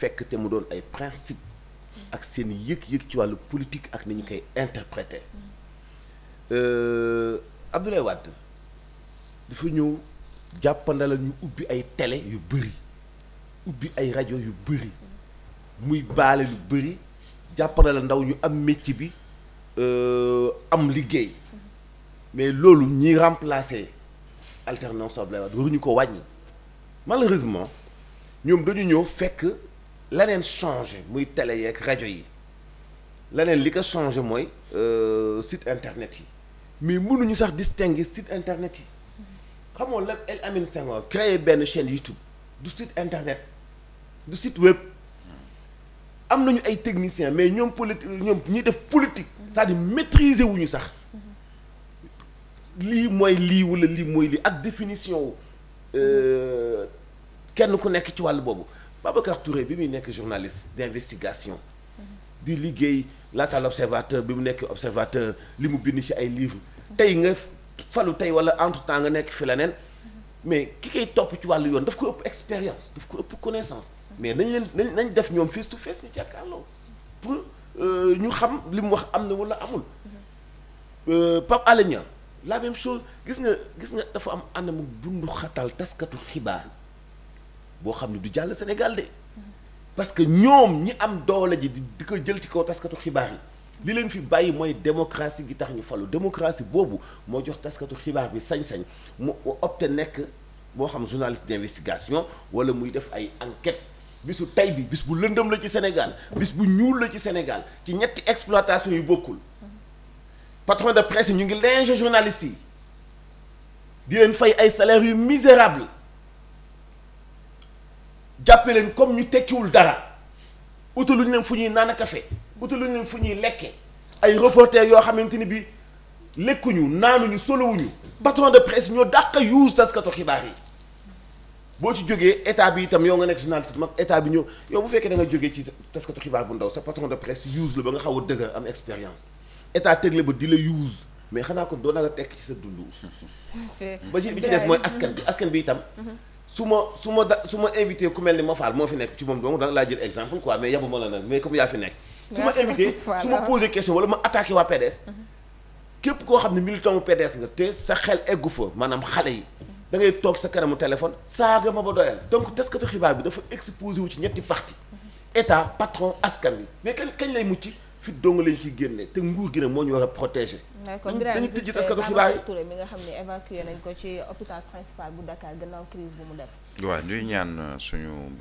fekk te mu doon ay principe ak seen yëg-yëg ci wàllu politique ak ni ñu koy interpréter euh, Abdoulaye Wade dafa ñëw jàppandalal ñu ubbi ay tele yu bëri ubbi ay rajo yu bëri muy baale lu bëri jàppandalal ndaw ñu am métier bi euh, am liggéey mais loolu ñiy remplacer alternance Abdoulaye Wade waruñu ko wàññi malheureusement ñoom dañu ñëw fekk. laneen changé muy télé yeeg rajo yi laneen li ko changé mooy euh, site internet yi mais mënuñu sax distinguer site internet yi xamoo la El Amine Senghor créé benn chaîne YouTube du site internet du site web am nañu ay techniciens mais ñoom politique ñoom ñuy def politique c'est-à-dire maîtriser wuñu sax lii mooy lii wala lii mooy lii ak définition wu euh, kenn ku nekk ci wàll boobu Babacar Touré bi muy nekk journaliste d'investigation mhm. di liggéey laata l'observateur bi mu nekk observateur li mu bind ci ay livres tey nga falu tey wala entre temps nga nekk fi leneen mhm. mais ki koy topp ci wàll yoon daf ko ëpp expérience daf ko ëpp connaissance mais nañ leen nañ nañ def ñoom face to face ñu jàkkaarloo pour euh, ñu xam li mu wax am na wala amul mhm. euh, Pape Alé Niang la même chose gis nga gis nga dafa am àndam bundu xatal taskatu xibaar boo xam ne du jàll Sénégal de parce que ñoom ñi am doole ji di ko jël ci kaw taskatu xibaar yi li leen fi bàyyi mooy démocratie gi tax ñu falu démocratie boobu moo jox taskatu xibaar bi sañ-sañ mu opte nekk boo xam journaliste d'investigation wala muy def ay enquête bisu tey bi bis bu lëndëm la ci Sénégal bis bu ñuul la ci Sénégal ci ñetti exploitation yu bokkul patron de presse ñu ngi linge journalistes yi di leen fay ay salaires yu misérable jàppe leen comme ñu tekkiwul dara utaluñ leen fu ñuy naan café utaluñ leen fu ñuy lekke ay reporter yoo xamante ni bi lekkuñu naanuñu solowuñu patron de presse ñoo dàq yuus taskatu xibaar yi boo ci jógee état bi itam yow nga nekk journaliste mag état bi ñëw yow bu fekkee da nga jógee ci taskatu xibaar bu ndaw sa patron de presse yuus la ba nga xaw a dëgër am expérience état teg la ba di la yuus mais xanaa kon doo na nga tekk ci sa dund ba ci bi ci des mooy askan bi askan bi itam mm-hmm. su ma su ma da su ma invité ku mel ni ma faal moo fi nekk ci moom donc da laa jël exemple quoi mais yabu ma la nag mais comme yaa fi nekk. su ma invité su ma posé question wala ma attaqué waa PDS. Mhm. képp koo xam ne militant mu PDS nga te sa xel eggu fa maanaam xale yi. da ngay toog sa kanamu téléphone saaga ma ba doyal. donc taskatu xibaar bi dafa exposé wu ci ñetti parti mhm. état patron askan bi mais kañ kañ lay mucc. fit dong lañ génne te nguur gi nag moo ñu war a protéger. kon Birame Gilles Babacar mi nga xam ne évacué nañ ko ci hôpital principal bu Dakar gannaaw crise bu mu def. waaw ñuy ñaan suñu.